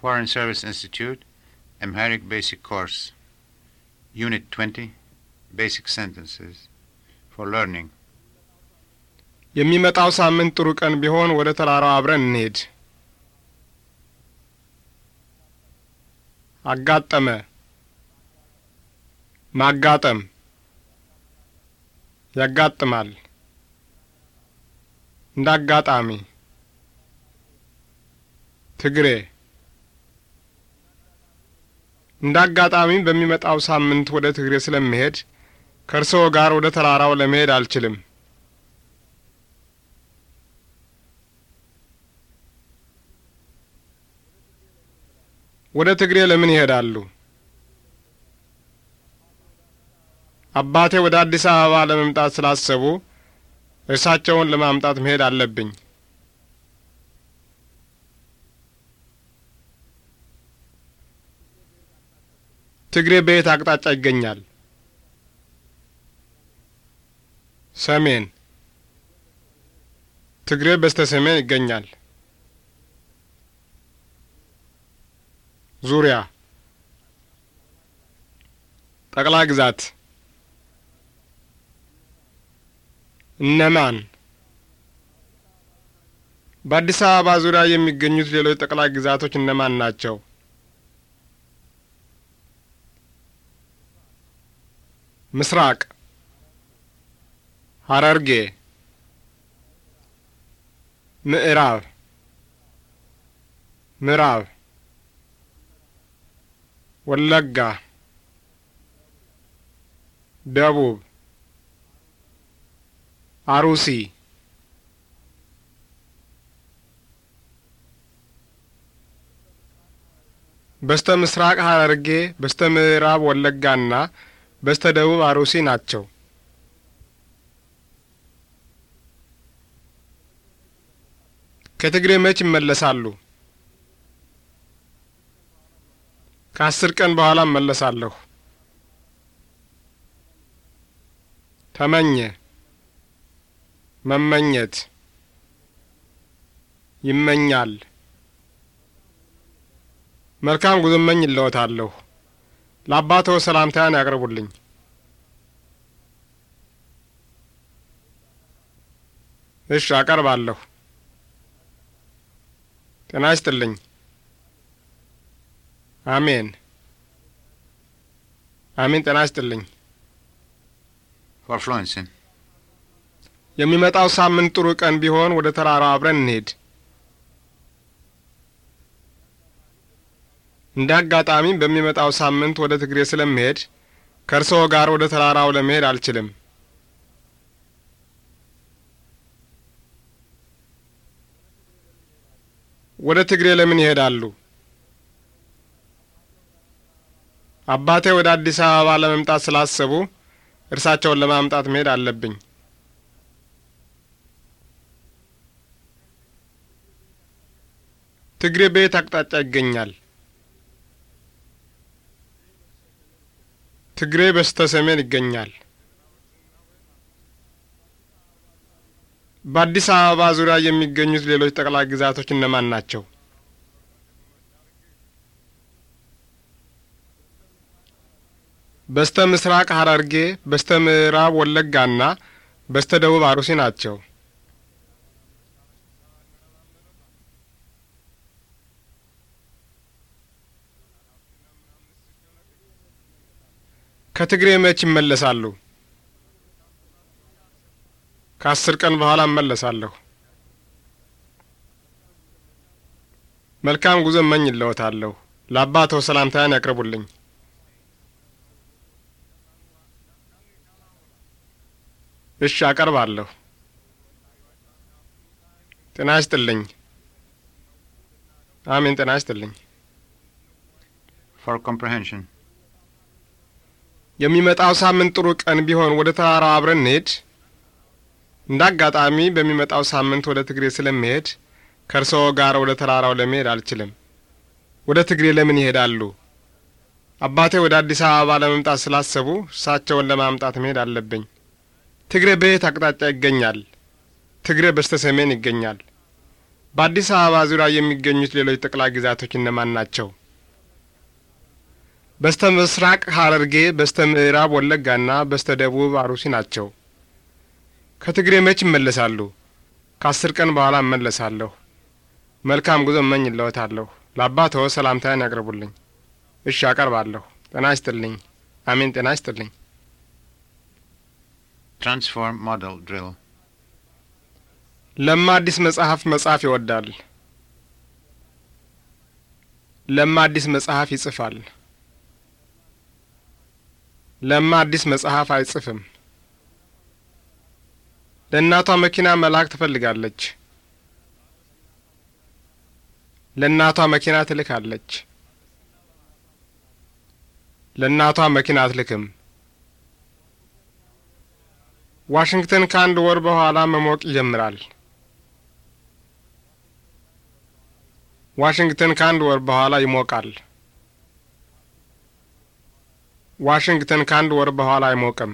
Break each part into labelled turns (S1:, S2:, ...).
S1: Foreign Service Institute, Amharic Basic Course, Unit 20, Basic Sentences for Learning. የሚመጣው ሳምንት ጥሩ ቀን ቢሆን ወደ ተራራው አብረን እንሄድ። አጋጠመ፣ ማጋጠም፣ ያጋጥማል፣ እንደ አጋጣሚ፣ ትግሬ እንደ አጋጣሚ በሚመጣው ሳምንት ወደ ትግሬ ስለምሄድ ከእርስዎ ጋር ወደ ተራራው ለመሄድ አልችልም። ወደ ትግሬ ለምን ይሄዳሉ? አባቴ ወደ አዲስ አበባ ለመምጣት ስላሰቡ እርሳቸውን ለማምጣት መሄድ አለብኝ። ትግሬ በየት አቅጣጫ ይገኛል? ሰሜን። ትግሬ በስተ ሰሜን ይገኛል። ዙሪያ ጠቅላይ ግዛት እነማን? በአዲስ አበባ ዙሪያ የሚገኙት ሌሎች ጠቅላይ ግዛቶች እነማን ናቸው? ምስራቅ ሐረርጌ ምዕራብ ምዕራብ ወለጋ ደቡብ አሩሲ በስተ ምስራቅ ሐረርጌ በስተ ምዕራብ ወለጋና በስተደቡብ አሮሲ ናቸው። ከትግሬ መች ይመለሳሉ? ከአስር ቀን በኋላ እመለሳለሁ። ተመኘ፣ መመኘት፣ ይመኛል። መልካም ጉዞ እመኝልዎታለሁ። ለአባቶ ሰላምታን ያቅርቡልኝ። እሺ፣ አቀርባለሁ። ጤና ይስጥልኝ። አሜን አሜን። ጤና ይስጥልኝ። የሚመጣው ሳምንት ጥሩ ቀን ቢሆን ወደ ተራራው አብረን እንሄድ። እንደ አጋጣሚ በሚመጣው ሳምንት ወደ ትግሬ ስለምሄድ ከእርስዎ ጋር ወደ ተራራው ለመሄድ አልችልም። ወደ ትግሬ ለምን ይሄዳሉ? አባቴ ወደ አዲስ አበባ ለመምጣት ስላሰቡ እርሳቸውን ለማምጣት መሄድ አለብኝ። ትግሬ በየት አቅጣጫ ይገኛል? ትግሬ በስተ ሰሜን ይገኛል። በአዲስ አበባ ዙሪያ የሚገኙት ሌሎች ጠቅላይ ግዛቶች እነማን ናቸው? በስተ ምስራቅ ሐረርጌ፣ በስተ ምዕራብ ወለጋና በስተ ደቡብ አሩሲ ናቸው። ከትግሬ መች ይመለሳሉ? ከአስር ቀን በኋላ እመለሳለሁ። መልካም ጉዞ እመኝ እለዎታለሁ። ለአባተው ሰላምታያን ያቅርቡልኝ። እሺ፣ አቀርባለሁ። ጤና ይስጥልኝ። አሜን፣ ጤና ይስጥልኝ። ፎር ኮምፕሬንሽን የሚመጣው ሳምንት ጥሩ ቀን ቢሆን ወደ ተራራው አብረን እንሄድ። እንደ አጋጣሚ በሚመጣው ሳምንት ወደ ትግሬ ስለምሄድ ከእርስዎ ጋር ወደ ተራራው ለመሄድ አልችልም። ወደ ትግሬ ለምን ይሄዳሉ? አባቴ ወደ አዲስ አበባ ለመምጣት ስላሰቡ እሳቸውን ለማምጣት መሄድ አለብኝ። ትግሬ በየት አቅጣጫ ይገኛል? ትግሬ በስተ ሰሜን ይገኛል። በአዲስ አበባ ዙሪያ የሚገኙት ሌሎች ጠቅላይ ግዛቶች እነማን ናቸው? በስተ ምስራቅ ሐረርጌ፣ በስተ ምዕራብ ወለጋና በስተ ደቡብ አሩሲ ናቸው። ከትግሬ መች ይመለሳሉ? ከአስር ቀን በኋላ እመለሳለሁ። መልካም ጉዞ እመኝልዎታለሁ። ለአባትዎ ሰላምታን ያቅርቡልኝ። እሺ አቀርባለሁ። ጤና ይስጥልኝ። አሜን። ጤና ይስጥልኝ። ትራንስፎርም ሞዴል ድሪል ለማ አዲስ መጽሐፍ መጽሐፍ ይወዳል። ለማ አዲስ መጽሐፍ ይጽፋል። ለማ አዲስ መጽሐፍ አይጽፍም። ለእናቷ መኪና መልአክ ትፈልጋለች። ለእናቷ መኪና ትልካለች። ለእናቷ መኪና አትልክም። ዋሽንግተን ከአንድ ወር በኋላ መሞቅ ይጀምራል። ዋሽንግተን ከአንድ ወር በኋላ ይሞቃል። ዋሽንግተን ከአንድ ወር በኋላ አይሞቅም።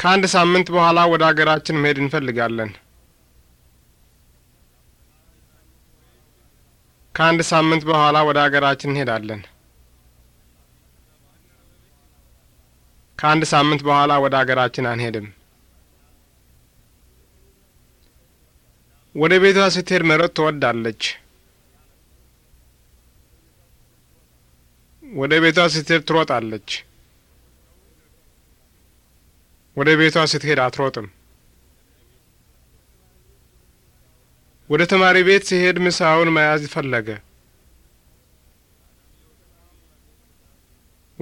S1: ከአንድ ሳምንት በኋላ ወደ አገራችን መሄድ እንፈልጋለን። ከአንድ ሳምንት በኋላ ወደ አገራችን እንሄዳለን። ከአንድ ሳምንት በኋላ ወደ አገራችን አንሄድም። ወደ ቤቷ ስትሄድ መሮጥ ትወዳለች። ወደ ቤቷ ስትሄድ ትሮጣለች። ወደ ቤቷ ስትሄድ አትሮጥም። ወደ ተማሪ ቤት ሲሄድ ምሳውን መያዝ ፈለገ።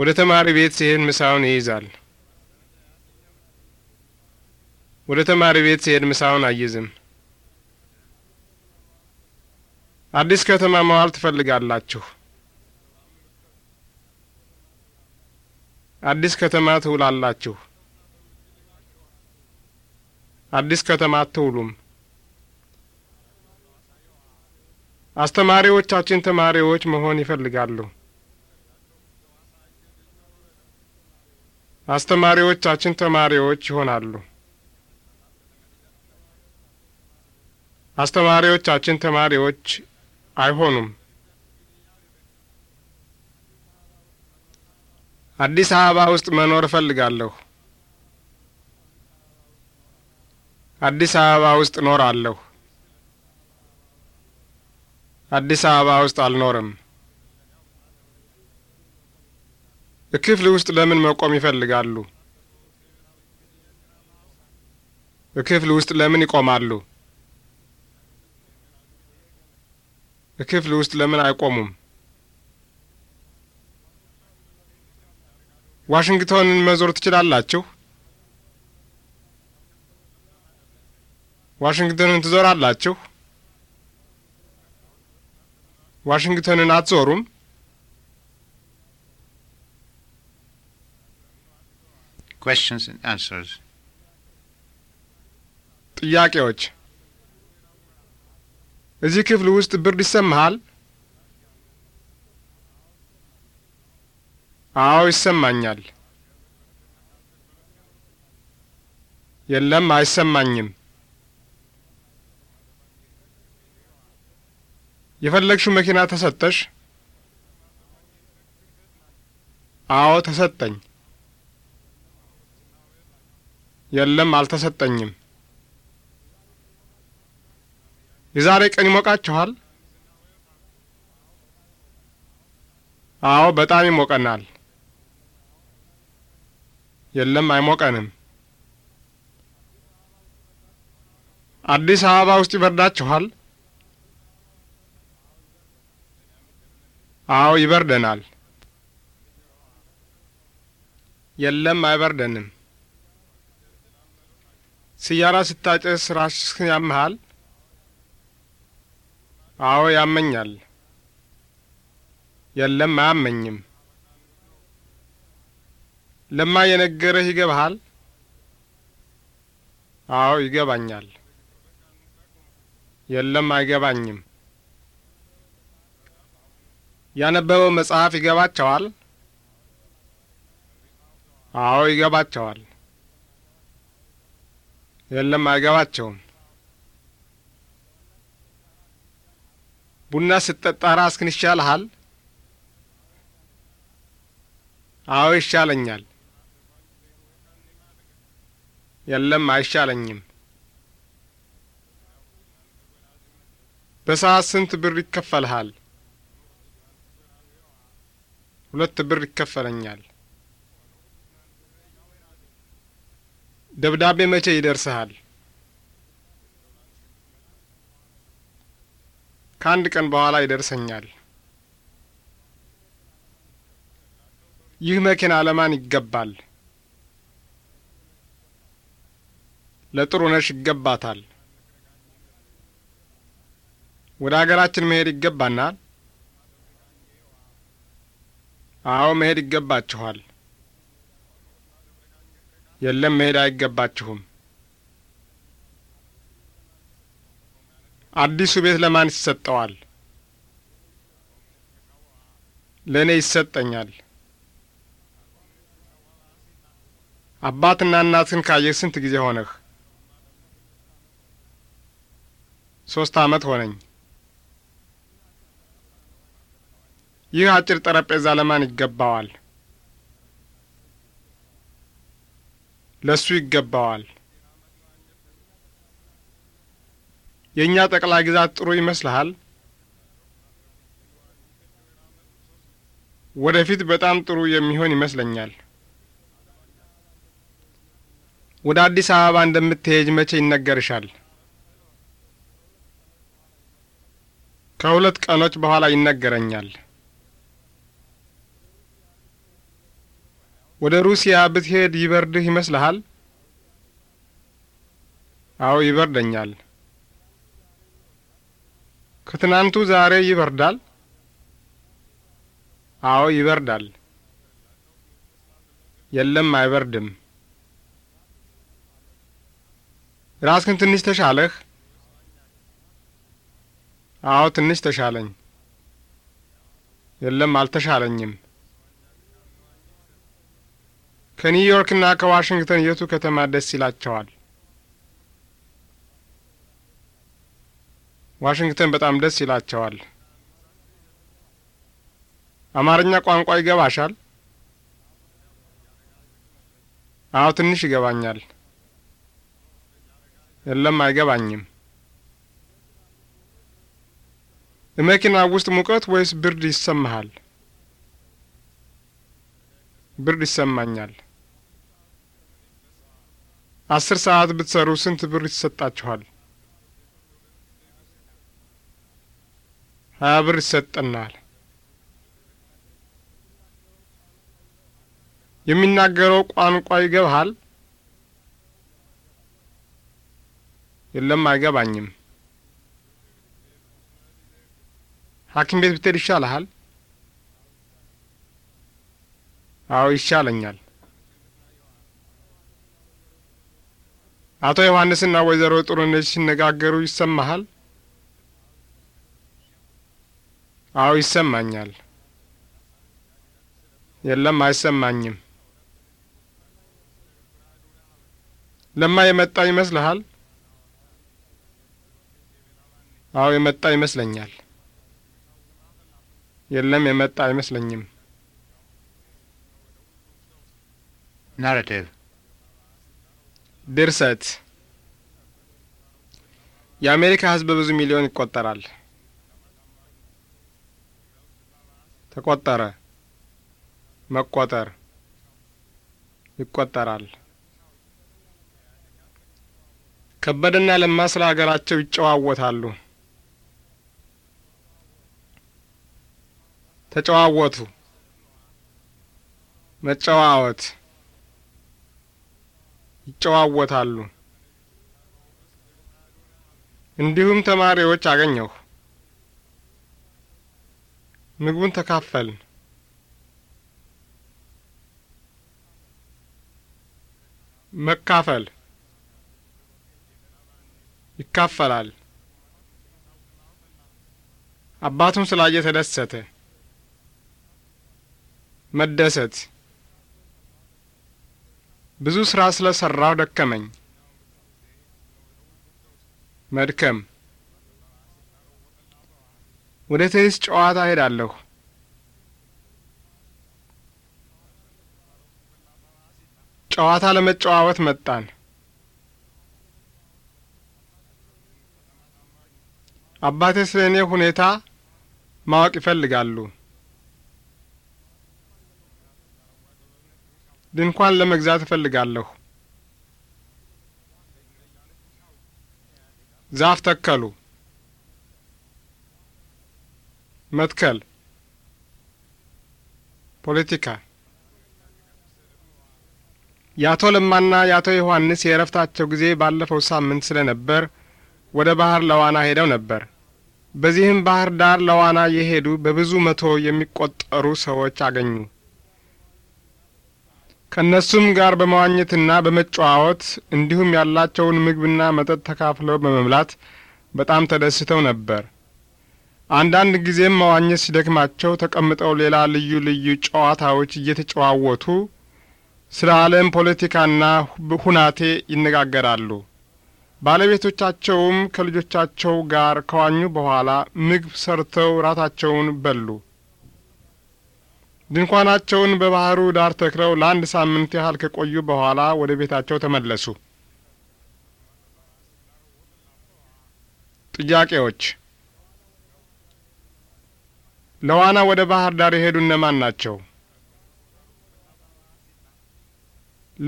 S1: ወደ ተማሪ ቤት ሲሄድ ምሳውን ይይዛል። ወደ ተማሪ ቤት ሲሄድ ምሳውን አይዝም። አዲስ ከተማ መዋል ትፈልጋላችሁ። አዲስ ከተማ ትውላላችሁ። አዲስ ከተማ አትውሉም። አስተማሪዎቻችን ተማሪዎች መሆን ይፈልጋሉ። አስተማሪዎቻችን ተማሪዎች ይሆናሉ። አስተማሪዎቻችን ተማሪዎች አይሆኑም። አዲስ አበባ ውስጥ መኖር እፈልጋለሁ። አዲስ አበባ ውስጥ እኖራለሁ። አዲስ አበባ ውስጥ አልኖርም። እክፍል ውስጥ ለምን መቆም ይፈልጋሉ? እክፍል ውስጥ ለምን ይቆማሉ? እክፍል ውስጥ ለምን አይቆሙም? ዋሽንግተንን መዞር ትችላላችሁ? ዋሽንግተንን ትዞራላችሁ? ዋሽንግተንን አትዞሩም? ጥያቄዎች እዚህ ክፍል ውስጥ ብርድ ይሰማሃል? አዎ ይሰማኛል። የለም አይሰማኝም። የፈለግሽው መኪና ተሰጠሽ? አዎ ተሰጠኝ። የለም አልተሰጠኝም። የዛሬ ቀን ይሞቃችኋል? አዎ በጣም ይሞቀናል። የለም አይሞቀንም። አዲስ አበባ ውስጥ ይበርዳችኋል? አዎ ይበርደናል። የለም አይበርደንም። ስያራ ስታጨስ ራስህን ያመሃል? አዎ ያመኛል። የለም አያመኝም። ለማ የነገረህ ይገባሃል? አዎ ይገባኛል። የለም አይገባኝም። ያነበበው መጽሐፍ ይገባቸዋል? አዎ ይገባቸዋል። የለም አይገባቸውም። ቡና ስትጠጣ ራስህን ይሻልሃል? አዎ ይሻለኛል። የለም አይሻለኝም። በሰዓት ስንት ብር ይከፈልሃል? ሁለት ብር ይከፈለኛል። ደብዳቤ መቼ ይደርስሃል? ከአንድ ቀን በኋላ ይደርሰኛል። ይህ መኪና ለማን ይገባል? ለጥሩነሽ ይገባታል። ወደ አገራችን መሄድ ይገባናል። አዎ መሄድ ይገባችኋል። የለም መሄድ አይገባችሁም። አዲሱ ቤት ለማን ይሰጠዋል? ለእኔ ይሰጠኛል። አባትና እናትህን ካየህ ስንት ጊዜ ሆነህ? ሶስት አመት ሆነኝ። ይህ አጭር ጠረጴዛ ለማን ይገባዋል? ለሱ ይገባዋል። የእኛ ጠቅላይ ግዛት ጥሩ ይመስልሃል? ወደፊት በጣም ጥሩ የሚሆን ይመስለኛል። ወደ አዲስ አበባ እንደምትሄጅ መቼ ይነገርሻል? ከሁለት ቀኖች በኋላ ይነገረኛል። ወደ ሩሲያ ብትሄድ ይበርድህ ይመስልሃል? አዎ ይበርደኛል። ከትናንቱ ዛሬ ይበርዳል? አዎ ይበርዳል። የለም አይበርድም። ራስህን ትንሽ ተሻለህ? አዎ ትንሽ ተሻለኝ። የለም አልተሻለኝም። ከኒውዮርክ እና ከዋሽንግተን የቱ ከተማ ደስ ይላቸዋል? ዋሽንግተን በጣም ደስ ይላቸዋል። አማርኛ ቋንቋ ይገባሻል? አዎ ትንሽ ይገባኛል። የለም አይገባኝም። መኪና ውስጥ ሙቀት ወይስ ብርድ ይሰማሃል? ብርድ ይሰማኛል። አስር ሰዓት ብትሰሩ ስንት ብር ይሰጣችኋል? ሀያ ብር ይሰጠናል። የሚናገረው ቋንቋ ይገባሃል? የለም፣ አይገባኝም። ሐኪም ቤት ብትሄድ ይሻልሃል? አዎ ይሻለኛል። አቶ ዮሐንስና ወይዘሮ ጥሩነሽ ሲነጋገሩ ይሰማሃል? አዎ ይሰማኛል። የለም አይሰማኝም። ለማ የመጣ ይመስልሃል? አዎ የመጣ ይመስለኛል። የለም የመጣ አይመስለኝም። ናራቲቭ ድርሰት የአሜሪካ ሕዝብ ብዙ ሚሊዮን ይቆጠራል። ተቆጠረ፣ መቆጠር፣ ይቆጠራል። ከበደና ለማ ስለ ሀገራቸው ይጨዋወታሉ። ተጨዋወቱ መጨዋወት ይጨዋወታሉ። እንዲሁም ተማሪዎች አገኘሁ። ምግቡን ተካፈልን። መካፈል ይካፈላል። አባቱን ስላየ ተደሰተ። መደሰት ብዙ ስራ ስለሰራው ደከመኝ። መድከም ወደ ቴኒስ ጨዋታ እሄዳለሁ ጨዋታ ለመጨዋወት መጣን። አባቴ ስለ እኔ ሁኔታ ማወቅ ይፈልጋሉ። ድንኳን ለመግዛት እፈልጋለሁ። ዛፍ ተከሉ። መትከል ፖለቲካ የአቶ ለማና የአቶ ዮሐንስ የእረፍታቸው ጊዜ ባለፈው ሳምንት ስለነበር ወደ ባህር ለዋና ሄደው ነበር። በዚህም ባህር ዳር ለዋና የሄዱ በብዙ መቶ የሚቆጠሩ ሰዎች አገኙ። ከእነሱም ጋር በመዋኘትና በመጨዋወት እንዲሁም ያላቸውን ምግብና መጠጥ ተካፍለው በመብላት በጣም ተደስተው ነበር። አንዳንድ ጊዜም መዋኘት ሲደክማቸው ተቀምጠው ሌላ ልዩ ልዩ ጨዋታዎች እየተጨዋወቱ ስለ ዓለም ፖለቲካና ሁናቴ ይነጋገራሉ። ባለቤቶቻቸውም ከልጆቻቸው ጋር ከዋኙ በኋላ ምግብ ሰርተው ራታቸውን በሉ። ድንኳናቸውን በባህሩ ዳር ተክለው ለአንድ ሳምንት ያህል ከቆዩ በኋላ ወደ ቤታቸው ተመለሱ። ጥያቄዎች ለዋና ወደ ባህር ዳር የሄዱ እነማን ናቸው?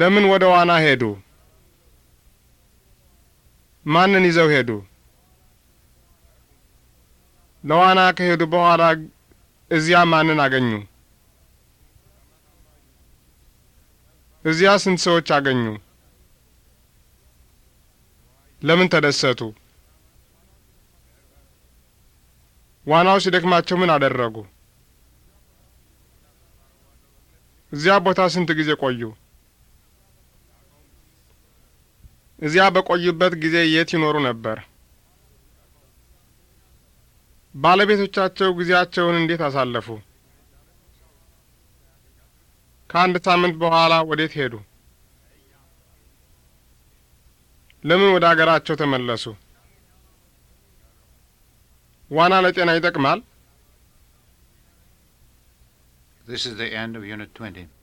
S1: ለምን ወደ ዋና ሄዱ? ማንን ይዘው ሄዱ? ለዋና ከሄዱ በኋላ እዚያ ማንን አገኙ? እዚያ ስንት ሰዎች አገኙ? ለምን ተደሰቱ? ዋናው ሲደክማቸው ምን አደረጉ? እዚያ ቦታ ስንት ጊዜ ቆዩ? እዚያ በቆዩበት ጊዜ የት ይኖሩ ነበር? ባለቤቶቻቸው ጊዜያቸውን እንዴት አሳለፉ? ከአንድ ሳምንት በኋላ ወዴት ሄዱ? ለምን ወደ አገራቸው ተመለሱ? ዋና ለጤና ይጠቅማል? This is the end of Unit 20.